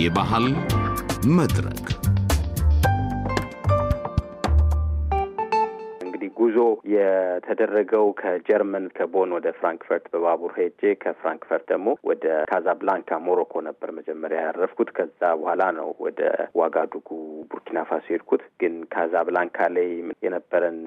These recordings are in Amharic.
የባህል መድረክ ጉዞ የተደረገው ከጀርመን ከቦን ወደ ፍራንክፈርት በባቡር ሄጄ ከፍራንክፈርት ደግሞ ወደ ካዛብላንካ ሞሮኮ ነበር መጀመሪያ ያረፍኩት። ከዛ በኋላ ነው ወደ ዋጋዱጉ ቡርኪና ፋሶ ሄድኩት። ግን ካዛብላንካ ላይ የነበረን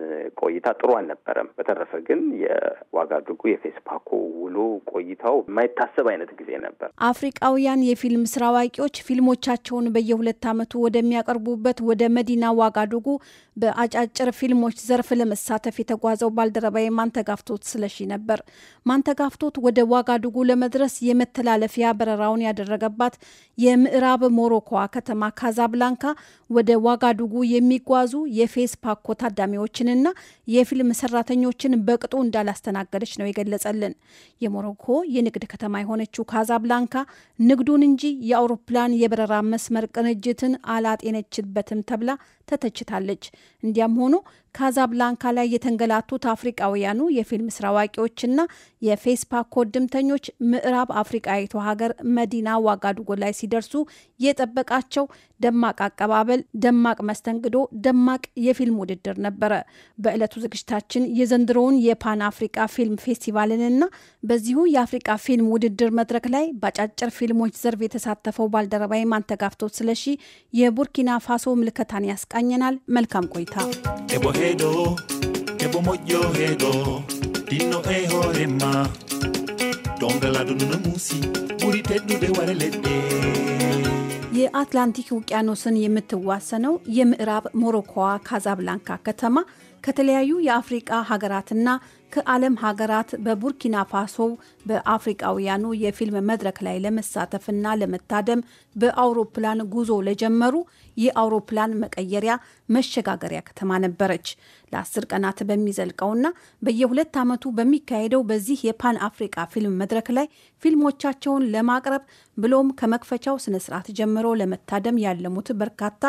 ቆይታ ጥሩ አልነበረም። በተረፈ ግን የዋጋዱጉ የፌስፓኮ ሁሉ ቆይተው የማይታሰብ አይነት ጊዜ ነበር። አፍሪቃውያን የፊልም ስራ አዋቂዎች ፊልሞቻቸውን በየሁለት ዓመቱ ወደሚያቀርቡበት ወደ መዲና ዋጋዱጉ በአጫጭር ፊልሞች ዘርፍ ለመሳተፍ የተጓዘው የማን ማንተጋፍቶት ስለሺ ነበር። ማንተጋፍቶት ወደ ዋጋዱጉ ለመድረስ የመተላለፊያ በረራውን ያደረገባት የምዕራብ ሞሮኮዋ ከተማ ካዛብላንካ ወደ ዋጋዱጉ የሚጓዙ የፌስፓኮ ታዳሚዎችንና የፊልም ሰራተኞችን በቅጡ እንዳላስተናገደች ነው የገለጸልን። የሞሮኮ የንግድ ከተማ የሆነችው ካዛብላንካ ንግዱን እንጂ የአውሮፕላን የበረራ መስመር ቅንጅትን አላጤነችበትም ተብላ ተተችታለች። እንዲያም ሆኖ ካዛብላንካ ላይ የተንገላቱት አፍሪቃውያኑ የፊልም ስራ አዋቂዎችና የፌስፓክ ወድምተኞች ምዕራብ አፍሪቃዊቱ ሀገር መዲና ዋጋዱጎ ላይ ሲደርሱ የጠበቃቸው ደማቅ አቀባበል፣ ደማቅ መስተንግዶ፣ ደማቅ የፊልም ውድድር ነበረ። በዕለቱ ዝግጅታችን የዘንድሮውን የፓን አፍሪቃ ፊልም ፌስቲቫልንና በዚሁ የአፍሪቃ ፊልም ውድድር መድረክ ላይ በአጫጭር ፊልሞች ዘርፍ የተሳተፈው ባልደረባዊ ተጋፍቶ ስለሺ የቡርኪና ፋሶ ምልከታን ያስቃኘናል። መልካም ቆይታ። ዶንገላ ዱኑነ ሙሲ ቡሪ ቴዱ ደ ዋረ ሌዴ የአትላንቲክ ውቅያኖስን የምትዋሰነው የምዕራብ ሞሮኮዋ ካዛብላንካ ከተማ ከተለያዩ የአፍሪቃ ሀገራትና ከዓለም ሀገራት በቡርኪና ፋሶ በአፍሪቃውያኑ የፊልም መድረክ ላይ ለመሳተፍና ለመታደም በአውሮፕላን ጉዞ ለጀመሩ የአውሮፕላን መቀየሪያ መሸጋገሪያ ከተማ ነበረች። ለአስር ቀናት በሚዘልቀውና በየሁለት ዓመቱ በሚካሄደው በዚህ የፓን አፍሪቃ ፊልም መድረክ ላይ ፊልሞቻቸውን ለማቅረብ ብሎም ከመክፈቻው ስነስርዓት ጀምሮ ለመታደም ያለሙት በርካታ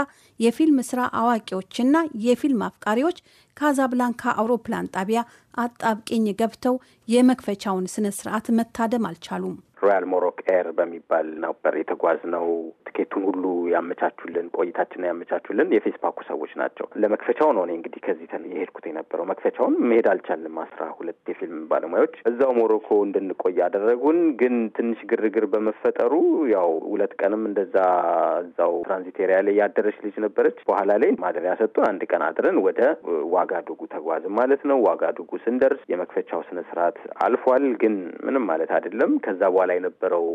የፊልም ስራ አዋቂዎችና የፊልም አፍቃሪዎች ካዛብላንካ አውሮፕላን ጣቢያ አጣብቂኝ ገብተው የመክፈቻውን ስነ ስርዓት መታደም አልቻሉም። ሮያል ሞሮክ ኤር በሚባል ነበር የተጓዝነው። ትኬቱን ሁሉ ያመቻቹልን፣ ቆይታችንን ያመቻቹልን የፌስፓኩ ሰዎች ናቸው። ለመክፈቻው ነው እኔ እንግዲህ ከዚህ የሄድኩት የነበረው። መክፈቻውን መሄድ አልቻልንም። አስራ ሁለት የፊልም ባለሙያዎች እዛው ሞሮኮ እንድንቆይ አደረጉን። ግን ትንሽ ግርግር በመፈጠሩ ያው ሁለት ቀንም እንደዛ እዛው ትራንዚት ኤሪያ ላይ ያደረች ልጅ ነበረች። በኋላ ላይ ማደሪያ ሰጡን። አንድ ቀን አድረን ወደ ዋጋ ዱጉ ተጓዝን ማለት ነው። ዋጋ ዱጉ ስንደርስ የመክፈቻው ስነስርዓት አልፏል። ግን ምንም ማለት አይደለም። ከዛ በኋላ በኋላ የነበረው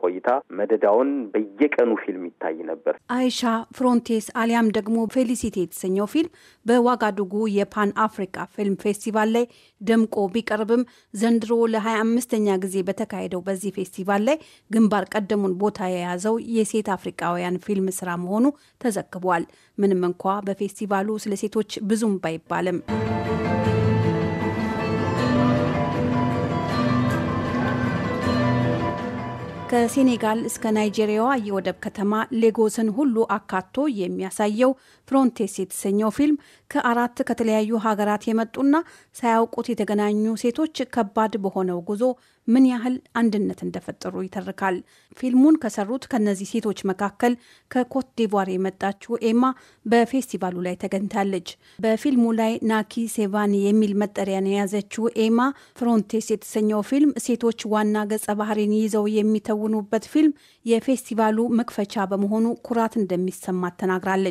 ቆይታ መደዳውን በየቀኑ ፊልም ይታይ ነበር። አይሻ ፍሮንቴስ አሊያም ደግሞ ፌሊሲቲ የተሰኘው ፊልም በዋጋዱጉ የፓን አፍሪካ ፊልም ፌስቲቫል ላይ ደምቆ ቢቀርብም ዘንድሮ ለ 25 አምስተኛ ጊዜ በተካሄደው በዚህ ፌስቲቫል ላይ ግንባር ቀደሙን ቦታ የያዘው የሴት አፍሪካውያን ፊልም ስራ መሆኑ ተዘግቧል። ምንም እንኳ በፌስቲቫሉ ስለ ሴቶች ብዙም ባይባልም ከሴኔጋል እስከ ናይጄሪያዋ የወደብ ከተማ ሌጎስን ሁሉ አካቶ የሚያሳየው ፍሮንቴስ የተሰኘው ፊልም ከአራት ከተለያዩ ሀገራት የመጡና ሳያውቁት የተገናኙ ሴቶች ከባድ በሆነው ጉዞ ምን ያህል አንድነት እንደፈጠሩ ይተርካል። ፊልሙን ከሰሩት ከነዚህ ሴቶች መካከል ከኮት ዲቯር የመጣችው ኤማ በፌስቲቫሉ ላይ ተገኝታለች። በፊልሙ ላይ ናኪ ሴቫኒ የሚል መጠሪያን የያዘችው ኤማ ፍሮንቴስ የተሰኘው ፊልም ሴቶች ዋና ገጸ ባህሪን ይዘው የሚተውኑበት ፊልም የፌስቲቫሉ መክፈቻ በመሆኑ ኩራት እንደሚሰማት ተናግራለች።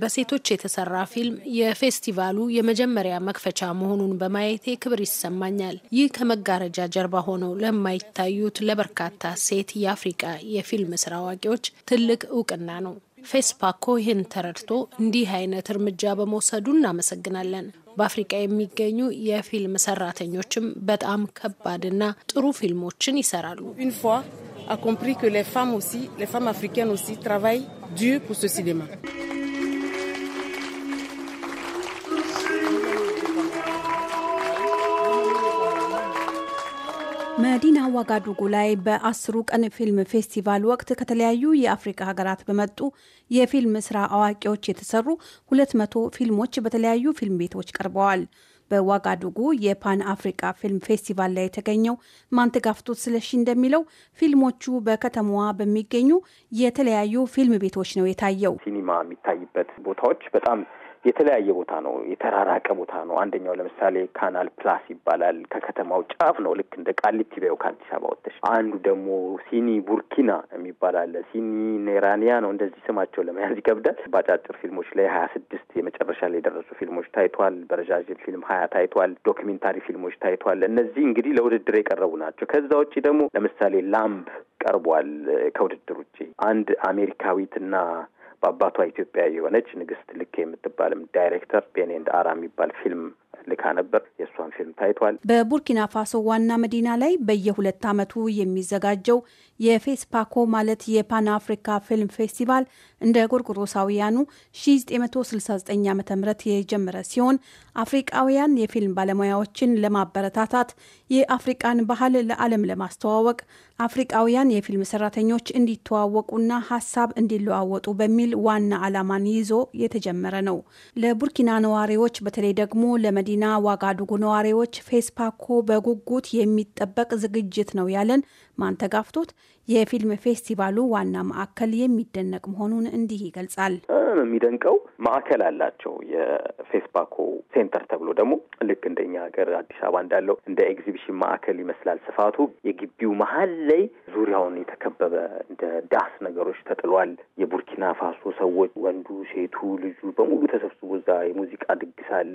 በሴቶች የተሰራ ፊልም የፌስቲቫሉ የመጀመሪያ መክፈቻ መሆኑን በማየቴ ክብር ይሰማኛል። ይህ ከመጋረጃ ጀርባ ሆነው ለማይታዩት ለበርካታ ሴት የአፍሪቃ የፊልም ስራ አዋቂዎች ትልቅ እውቅና ነው። ፌስፓኮ ይህን ተረድቶ እንዲህ አይነት እርምጃ በመውሰዱ እናመሰግናለን። በአፍሪቃ የሚገኙ የፊልም ሰራተኞችም በጣም ከባድና ጥሩ ፊልሞችን ይሰራሉ። a compris que les femmes aussi, les femmes africaines aussi, travaillent dur pour ce cinéma. መዲና ዋጋዱጉ ላይ በአስሩ ቀን ፊልም ፌስቲቫል ወቅት ከተለያዩ የአፍሪካ ሀገራት በመጡ የፊልም ስራ አዋቂዎች የተሰሩ 200 ፊልሞች በተለያዩ ፊልም ቤቶች ቀርበዋል። በዋጋዱጉ የፓን አፍሪካ ፊልም ፌስቲቫል ላይ የተገኘው ማንተጋፍቶት ስለሺ እንደሚለው ፊልሞቹ በከተማዋ በሚገኙ የተለያዩ ፊልም ቤቶች ነው የታየው። ሲኒማ የሚታይበት ቦታዎች በጣም የተለያየ ቦታ ነው፣ የተራራቀ ቦታ ነው። አንደኛው ለምሳሌ ካናል ፕላስ ይባላል። ከከተማው ጫፍ ነው፣ ልክ እንደ ቃሊቲ በው ከአዲስ አበባ ወጥተሽ። አንዱ ደግሞ ሲኒ ቡርኪና የሚባል አለ፣ ሲኒ ኔራኒያ ነው። እንደዚህ ስማቸው ለመያዝ ይከብዳል። በአጫጭር ፊልሞች ላይ ሀያ ስድስት የመጨረሻ ላይ የደረሱ ፊልሞች ታይቷል። በረዣዥም ፊልም ሀያ ታይቷል። ዶክሜንታሪ ፊልሞች ታይቷል። እነዚህ እንግዲህ ለውድድር የቀረቡ ናቸው። ከዛ ውጭ ደግሞ ለምሳሌ ላምብ ቀርቧል ከውድድር ውጭ አንድ አሜሪካዊትና በአባቷ ኢትዮጵያ የሆነች ንግስት ልኬ የምትባልም ዳይሬክተር ቤኔንድ አራ የሚባል ፊልም ልካ ነበር። የእሷን ፊልም ታይቷል። በቡርኪና ፋሶ ዋና መዲና ላይ በየሁለት ዓመቱ የሚዘጋጀው የፌስፓኮ ማለት የፓን አፍሪካ ፊልም ፌስቲቫል እንደ ጎርጎሮሳውያኑ 1969 ዓ ም የጀመረ ሲሆን አፍሪቃውያን የፊልም ባለሙያዎችን ለማበረታታት የአፍሪቃን ባህል ለዓለም ለማስተዋወቅ አፍሪቃውያን የፊልም ሰራተኞች እንዲተዋወቁና ሀሳብ እንዲለዋወጡ በሚል ዋና ዓላማን ይዞ የተጀመረ ነው። ለቡርኪና ነዋሪዎች በተለይ ደግሞ ለመዲና ዋጋዱጉ ነዋሪዎች ፌስፓኮ በጉጉት የሚጠበቅ ዝግጅት ነው ያለን ማንተጋፍቶት የፊልም ፌስቲቫሉ ዋና ማዕከል የሚደነቅ መሆኑን እንዲህ ይገልጻል። የሚደንቀው ማዕከል አላቸው። የፌስፓኮ ሴንተር ተብሎ ደግሞ ልክ እንደኛ ሀገር አዲስ አበባ እንዳለው እንደ ኤግዚቢሽን ማዕከል ይመስላል ስፋቱ። የግቢው መሀል ላይ ዙሪያውን የተከበበ እንደ ዳስ ነገሮች ተጥሏል። የቡርኪና ፋሶ ሰዎች ወንዱ፣ ሴቱ፣ ልጁ በሙሉ ተሰብስቦ እዛ የሙዚቃ ድግስ አለ፣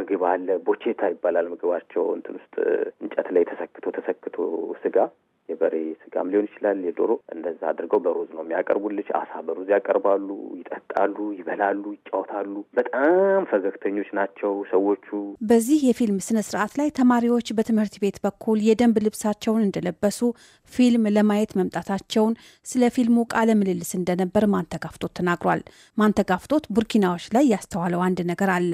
ምግብ አለ። ቦቼታ ይባላል ምግባቸው እንትን ውስጥ እንጨት ላይ ተሰክቶ ተሰክቶ ስጋ የበሬ ስጋም ሊሆን ይችላል፣ የዶሮ እንደዛ አድርገው በሮዝ ነው የሚያቀርቡልሽ። አሳ በሮዝ ያቀርባሉ፣ ይጠጣሉ፣ ይበላሉ፣ ይጫወታሉ። በጣም ፈገግተኞች ናቸው ሰዎቹ። በዚህ የፊልም ስነ ስርዓት ላይ ተማሪዎች በትምህርት ቤት በኩል የደንብ ልብሳቸውን እንደለበሱ ፊልም ለማየት መምጣታቸውን ስለ ፊልሙ ቃለ ምልልስ እንደነበር ማንተጋፍቶት ተናግሯል። ማንተጋፍቶት ቡርኪናዎች ላይ ያስተዋለው አንድ ነገር አለ።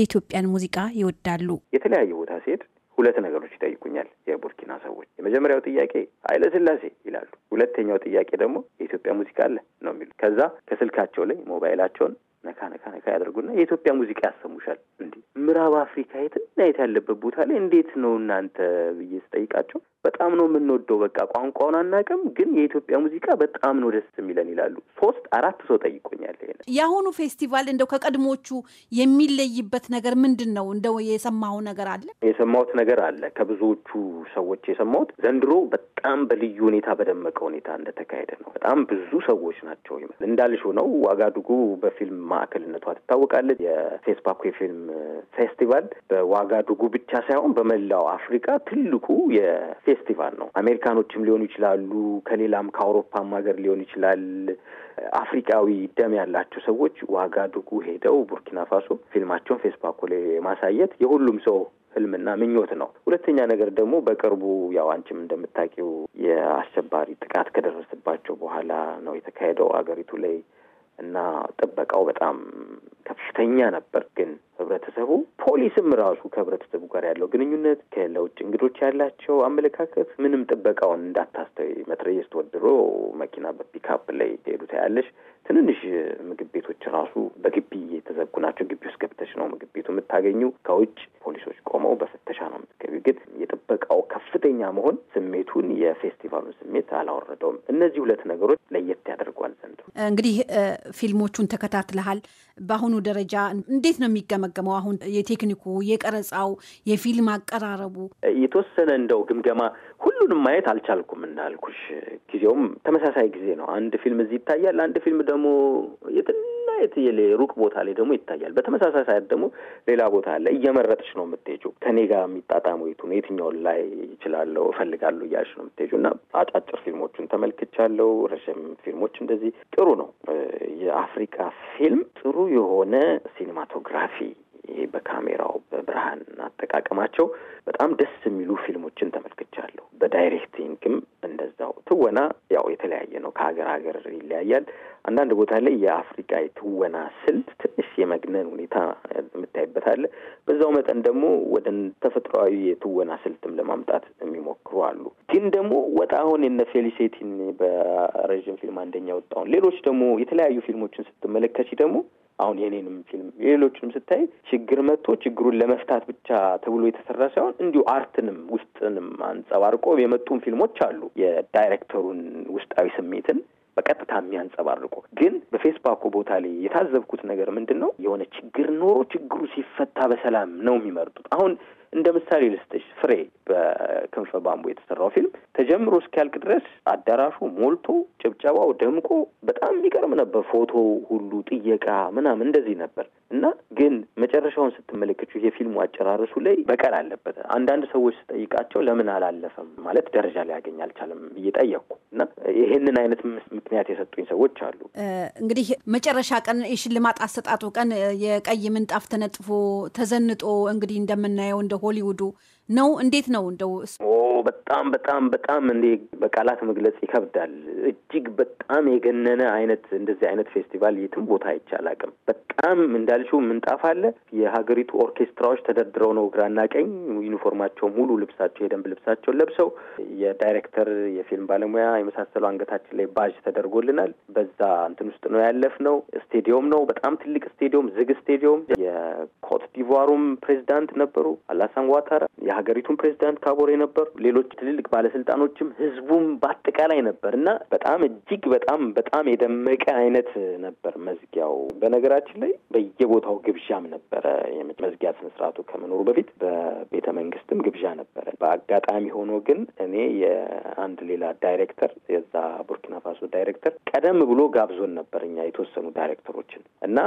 የኢትዮጵያን ሙዚቃ ይወዳሉ። የተለያየ ቦታ ሲሄድ ሁለት ነገሮች ይጠይቁኛል የቡርኪና ሰዎች። የመጀመሪያው ጥያቄ ኃይለ ሥላሴ ይላሉ። ሁለተኛው ጥያቄ ደግሞ የኢትዮጵያ ሙዚቃ አለ ነው የሚሉት። ከዛ ከስልካቸው ላይ ሞባይላቸውን ነካ ነካ ነካ ያደርጉና የኢትዮጵያ ሙዚቃ ያሰሙሻል። እንዴ ምዕራብ አፍሪካ የትና የት ያለበት ቦታ ላይ እንዴት ነው እናንተ ብዬ ስጠይቃቸው በጣም ነው የምንወደው፣ በቃ ቋንቋውን አናውቅም፣ ግን የኢትዮጵያ ሙዚቃ በጣም ነው ደስ የሚለን ይላሉ። ሶስት አራት ሰው ጠይቆኛል። ይሄ የአሁኑ ፌስቲቫል እንደው ከቀድሞቹ የሚለይበት ነገር ምንድን ነው? እንደው የሰማው ነገር አለ የሰማሁት ነገር አለ ከብዙዎቹ ሰዎች የሰማሁት ዘንድሮ በጣም በልዩ ሁኔታ በደመቀ ሁኔታ እንደተካሄደ ነው። በጣም ብዙ ሰዎች ናቸው እንዳልሽ ነው። ድጉ በፊልም ማዕከልነቷ ትታወቃለች። የሴስፓኮ የፊልም ፌስቲቫል በዋጋዱጉ ብቻ ሳይሆን በመላው አፍሪካ ትልቁ የፌስቲቫል ነው። አሜሪካኖችም ሊሆኑ ይችላሉ፣ ከሌላም ከአውሮፓም ሀገር ሊሆን ይችላል። አፍሪካዊ ደም ያላቸው ሰዎች ዋጋዱጉ ሄደው ቡርኪና ፋሶ ፊልማቸውን ፌስፓኮ ላይ ማሳየት የሁሉም ሰው ህልምና ምኞት ነው። ሁለተኛ ነገር ደግሞ በቅርቡ ያው አንቺም እንደምታውቂው የአሸባሪ ጥቃት ከደረሰባቸው በኋላ ነው የተካሄደው አገሪቱ ላይ እና ጥበቃው በጣም ከፍተኛ ነበር። ግን ህብረተሰቡ ፖሊስም ራሱ ከህብረተሰቡ ጋር ያለው ግንኙነት ከለውጭ እንግዶች ያላቸው አመለካከት ምንም ጥበቃውን እንዳታስተይ መትረየስ ተወድሮ መኪና በፒካፕ ላይ ሄዱ ታያለሽ። ትንንሽ ምግብ ቤቶች ራሱ በግቢ የተዘጉ ናቸው። ግቢ ውስጥ ገብተሽ ነው ምግብ ቤቱ የምታገኙ። ከውጭ ፖሊሶች ቆመው በፍተሻ ነው የምትገቢ። ግን የጥበቃው ከፍተኛ መሆን ስሜቱን የፌስቲቫሉን ስሜት አላወረደውም። እነዚህ ሁለት ነገሮች ለየት ያደርጓል። ዘንድሮ። እንግዲህ ፊልሞቹን ተከታትለሃል። በአሁኑ ደረጃ እንዴት ነው የሚገመገመው? አሁን የቴክኒኩ የቀረጻው፣ የፊልም አቀራረቡ የተወሰነ እንደው ግምገማ ሁሉንም ማየት አልቻልኩም እንዳልኩሽ፣ ጊዜውም ተመሳሳይ ጊዜ ነው። አንድ ፊልም እዚህ ይታያል፣ አንድ ፊልም ደግሞ የትና የትየሌ ሩቅ ቦታ ላይ ደግሞ ይታያል። በተመሳሳይ ሰዓት ደግሞ ሌላ ቦታ አለ። እየመረጥሽ ነው የምትሄጂው። ከኔ ጋር የሚጣጣመው የቱ ነው፣ የትኛውን ላይ እችላለሁ እፈልጋለሁ እያልሽ ነው የምትሄጂው እና አጫጭር ፊልሞቹን ተመልክቻለሁ። ረዥም ፊልሞች እንደዚህ ጥሩ ነው። የአፍሪካ ፊልም ጥሩ የሆነ ሲኒማቶግራፊ ይሄ በካሜራው በብርሃን አጠቃቀማቸው በጣም ደስ የሚሉ ፊልሞችን ተመልክቻለሁ። በዳይሬክቲንግም እንደዛው። ትወና ያው የተለያየ ነው፣ ከሀገር ሀገር ይለያያል። አንዳንድ ቦታ ላይ የአፍሪቃ የትወና ስልት ትንሽ የመግነን ሁኔታ የምታይበት አለ። በዛው መጠን ደግሞ ወደ ተፈጥሯዊ የትወና ስልትም ለማምጣት የሚሞክሩ አሉ። ግን ደግሞ ወጣ አሁን የነ ፌሊሴቲን በረዥም ፊልም አንደኛ ወጣውን ሌሎች ደግሞ የተለያዩ ፊልሞችን ስትመለከች ደግሞ አሁን የኔንም ፊልም የሌሎችንም ስታይ ችግር መጥቶ ችግሩን ለመፍታት ብቻ ተብሎ የተሰራ ሳይሆን እንዲሁ አርትንም ውስጥንም አንጸባርቆ የመጡም ፊልሞች አሉ። የዳይሬክተሩን ውስጣዊ ስሜትን በቀጥታ የሚያንጸባርቁ ግን በፌስቡክ ቦታ ላይ የታዘብኩት ነገር ምንድን ነው፣ የሆነ ችግር ኖሮ ችግሩ ሲፈታ በሰላም ነው የሚመርጡት። አሁን እንደ ምሳሌ ልስጥሽ፣ ፍሬ በክንፈ ባምቦ የተሰራው ፊልም ተጀምሮ እስኪያልቅ ድረስ አዳራሹ ሞልቶ ጭብጨባው ደምቆ በጣም የሚቀርም ነበር። ፎቶ ሁሉ ጥየቃ ምናምን እንደዚህ ነበር እና ግን መጨረሻውን ስትመለከቱ የፊልሙ አጨራረሱ ላይ በቀል አለበት። አንዳንድ ሰዎች ስጠይቃቸው ለምን አላለፈም ማለት ደረጃ ላይ ያገኝ አልቻለም እየጠየቅኩ እና ይህንን አይነት ምክንያት የሰጡኝ ሰዎች አሉ። እንግዲህ መጨረሻ ቀን የሽልማት አሰጣጡ ቀን የቀይ ምንጣፍ ተነጥፎ ተዘንጦ እንግዲህ እንደምናየው እንደ ሆሊውዱ ነው? እንዴት ነው እንደው? በጣም በጣም በጣም እንዴ በቃላት መግለጽ ይከብዳል። እጅግ በጣም የገነነ አይነት እንደዚህ አይነት ፌስቲቫል የትም ቦታ አይቻል አቅም በጣም እንዳልሽው ምንጣፍ አለ። የሀገሪቱ ኦርኬስትራዎች ተደርድረው ነው ግራና ቀኝ ዩኒፎርማቸው ሙሉ ልብሳቸው የደንብ ልብሳቸውን ለብሰው የዳይሬክተር የፊልም ባለሙያ የመሳሰሉ አንገታችን ላይ ባዥ ተደርጎልናል። በዛ እንትን ውስጥ ነው ነው። ስቴዲየም ነው በጣም ትልቅ ስቴዲየም፣ ዝግ ስቴዲየም። የኮት ዲቮሩም ፕሬዚዳንት ነበሩ አላሳን ዋታራ የሀገሪቱን ፕሬዚዳንት ካቦሬ ነበር፣ ሌሎች ትልልቅ ባለስልጣኖችም ህዝቡም በአጠቃላይ ነበር እና በጣም እጅግ በጣም በጣም የደመቀ አይነት ነበር መዝጊያው። በነገራችን ላይ በየቦታው ግብዣም ነበረ። መዝጊያ ስነስርዓቱ ከመኖሩ በፊት በቤተ መንግስትም ግብዣ ነበረ። በአጋጣሚ ሆኖ ግን እኔ የአንድ ሌላ ዳይሬክተር የዛ ቡርኪና ፋሶ ዳይሬክተር ቀደም ብሎ ጋብዞን ነበር እኛ የተወሰኑ ዳይሬክተሮችን እና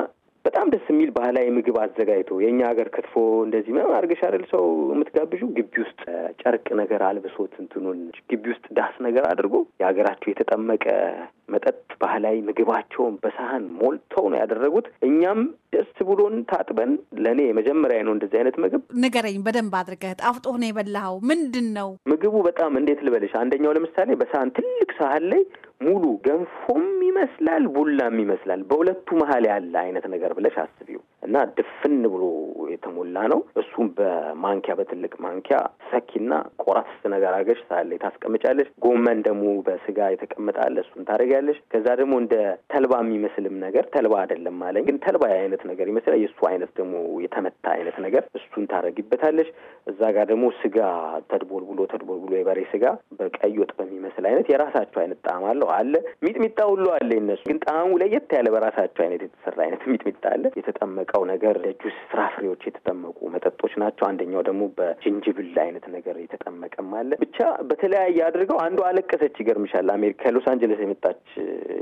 በጣም ደስ የሚል ባህላዊ ምግብ አዘጋጅቶ የእኛ ሀገር ክትፎ እንደዚህ ምናምን አድርገሽ አይደል ሰው የምትጋብዡ። ግቢ ውስጥ ጨርቅ ነገር አልብሶት እንትኑን ግቢ ውስጥ ዳስ ነገር አድርጎ የሀገራቸው የተጠመቀ መጠጥ፣ ባህላዊ ምግባቸውን በሳህን ሞልተው ነው ያደረጉት። እኛም ደስ ብሎን ታጥበን፣ ለእኔ የመጀመሪያ ነው እንደዚህ አይነት ምግብ። ንገረኝ በደንብ አድርገህ ጣፍጦ ሆነ የበላኸው? ምንድን ነው ምግቡ? በጣም እንዴት ልበልሽ፣ አንደኛው ለምሳሌ በሳህን ትልቅ ሳህን ላይ ሙሉ ገንፎም ይመስላል ቡላም ይመስላል በሁለቱ መሀል ያለ አይነት ነገር ብለሽ አስቢው እና ድፍን ብሎ የተሞላ ነው። እሱም በማንኪያ በትልቅ ማንኪያ ሰኪና ቆራስ ነገር አገሽ ሳለ ታስቀምጫለሽ። ጎመን ደግሞ በስጋ የተቀመጠ እሱን ታደርጊያለሽ። ከዛ ደግሞ እንደ ተልባ የሚመስልም ነገር ተልባ አይደለም አለኝ፣ ግን ተልባ አይነት ነገር ይመስላል። የእሱ አይነት ደግሞ የተመታ አይነት ነገር እሱን ታደርጊበታለሽ። እዛ ጋር ደግሞ ስጋ ተድቦልቡሎ ተድቦልቡሎ የበሬ ስጋ በቀይ ወጥ በሚመስል አይነት የራሳቸው አይነት ጣዕም አለው አለ። ሚጥሚጣ ሁሉ አለ የነሱ ግን ጣዕሙ ለየት ያለ በራሳቸው አይነት የተሰራ አይነት ሚጥሚጣ አለ የተጠመቀ የሚጠብቀው ነገር ለጁስ ፍራፍሬዎች የተጠመቁ መጠጦች ናቸው። አንደኛው ደግሞ በጅንጅብል አይነት ነገር የተጠመቀም አለ። ብቻ በተለያየ አድርገው አንዷ አለቀሰች። ይገርምሻል፣ አሜሪካ ሎስ አንጀለስ የመጣች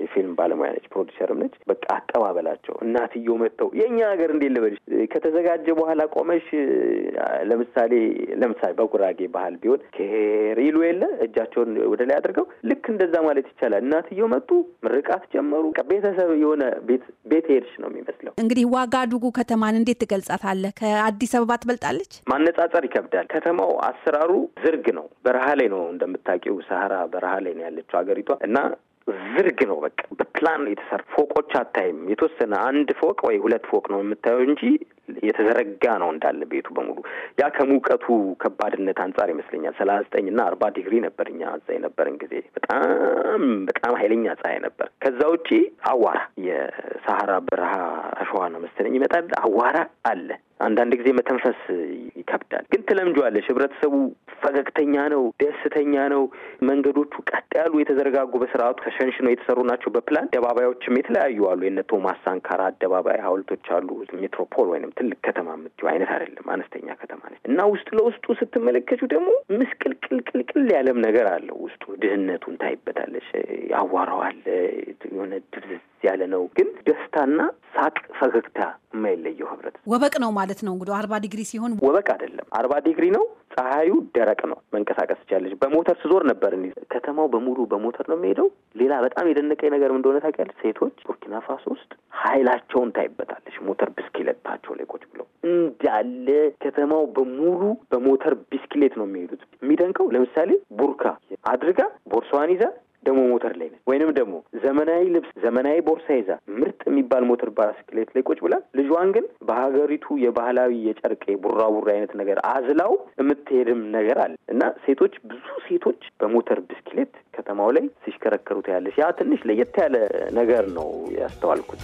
የፊልም ባለሙያ ነች፣ ፕሮዲሰርም ነች። በቃ አቀባበላቸው እናትየው መጥተው የእኛ ሀገር እንዴት ልበልሽ ከተዘጋጀ በኋላ ቆመሽ ለምሳሌ ለምሳሌ በጉራጌ ባህል ቢሆን ኬር ይሉ የለ እጃቸውን ወደ ላይ አድርገው ልክ እንደዛ ማለት ይቻላል። እናትየው መጡ፣ ምርቃት ጀመሩ። ቤተሰብ የሆነ ቤት ቤት ሄድሽ ነው የሚመስለው። እንግዲህ ዋጋዱ ብሩጉ ከተማን እንዴት ትገልጻታለህ? ከአዲስ አበባ ትበልጣለች? ማነጻጸር ይከብዳል። ከተማው አሰራሩ ዝርግ ነው። በረሃ ላይ ነው እንደምታውቂው፣ ሰሀራ በረሃ ላይ ነው ያለችው ሀገሪቷ እና ዝርግ ነው። በቃ በፕላን የተሰራ ፎቆች አታይም። የተወሰነ አንድ ፎቅ ወይ ሁለት ፎቅ ነው የምታየው እንጂ የተዘረጋ ነው እንዳለ ቤቱ በሙሉ። ያ ከሙቀቱ ከባድነት አንጻር ይመስለኛል ሰላሳ ዘጠኝ እና አርባ ዲግሪ ነበር እኛ እዛ የነበረን ጊዜ። በጣም በጣም ኃይለኛ ፀሐይ ነበር። ከዛ ውጪ አዋራ የሰሐራ በረሃ አሸዋ ነው መሰለኝ ይመጣል። አዋራ አለ። አንዳንድ ጊዜ መተንፈስ ይከብዳል፣ ግን ትለምጇለሽ። ህብረተሰቡ ፈገግተኛ ነው፣ ደስተኛ ነው። መንገዶቹ ቀጥ ያሉ የተዘረጋጉ በስርዓቱ ተሸንሽነው የተሰሩ ናቸው። በፕላን አደባባዮችም የተለያዩ አሉ። የነ ቶማስ ሳንካራ አደባባይ ሀውልቶች አሉ። ሜትሮፖል ወይም ትልቅ ከተማ የምትይው አይነት አይደለም፣ አነስተኛ ከተማ ነች እና ውስጥ ለውስጡ ስትመለከቱ ደግሞ ምስቅልቅልቅልቅል ያለም ነገር አለው። ውስጡ ድህነቱን ታይበታለች፣ ያዋራዋል። የሆነ ድብዝዝ ያለ ነው፣ ግን ደስታና ሳቅ ፈገግታ የማይለየው ህብረት ወበቅ ነው ማለት ነው። እንግዲህ አርባ ዲግሪ ሲሆን ወበቅ አይደለም፣ አርባ ዲግሪ ነው። ፀሐዩ ደረቅ ነው፣ መንቀሳቀስ ትቻለች። በሞተር ስዞር ነበር እ ከተማው በሙሉ በሞተር ነው የሚሄደው። ሌላ በጣም የደነቀኝ ነገር እንደሆነ ታውቂያለሽ? ሴቶች ቡርኪና ፋሶ ውስጥ ኃይላቸውን ታይበታለች። ሞተር ብስክሌታቸው ላይ ቁጭ ብለው እንዳለ ከተማው በሙሉ በሞተር ብስክሌት ነው የሚሄዱት። የሚደንቀው ለምሳሌ ቡርካ አድርጋ ቦርሳዋን ይዛ ደግሞ ሞተር ላይ ነች፣ ወይንም ደግሞ ዘመናዊ ልብስ፣ ዘመናዊ ቦርሳ ይዛ ምርጥ የሚባል ሞተር ባስክሌት ላይ ቁጭ ብላ ልጇን ግን በሀገሪቱ የባህላዊ የጨርቅ ቡራቡራ አይነት ነገር አዝላው የምትሄድም ነገር አለ እና ሴቶች ብዙ ሴቶች በሞተር ብስክሌት ከተማው ላይ ሲሽከረከሩት ያለች ያ ትንሽ ለየት ያለ ነገር ነው ያስተዋልኩት።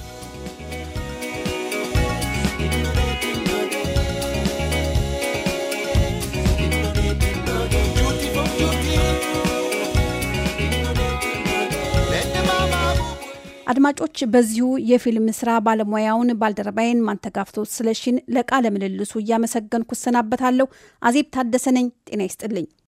አድማጮች በዚሁ የፊልም ስራ ባለሙያውን ባልደረባይን ማንተጋፍቶ ስለሽን ለቃለ ምልልሱ እያመሰገንኩ እሰናበታለሁ። አዜብ ታደሰ ነኝ። ጤና ይስጥልኝ።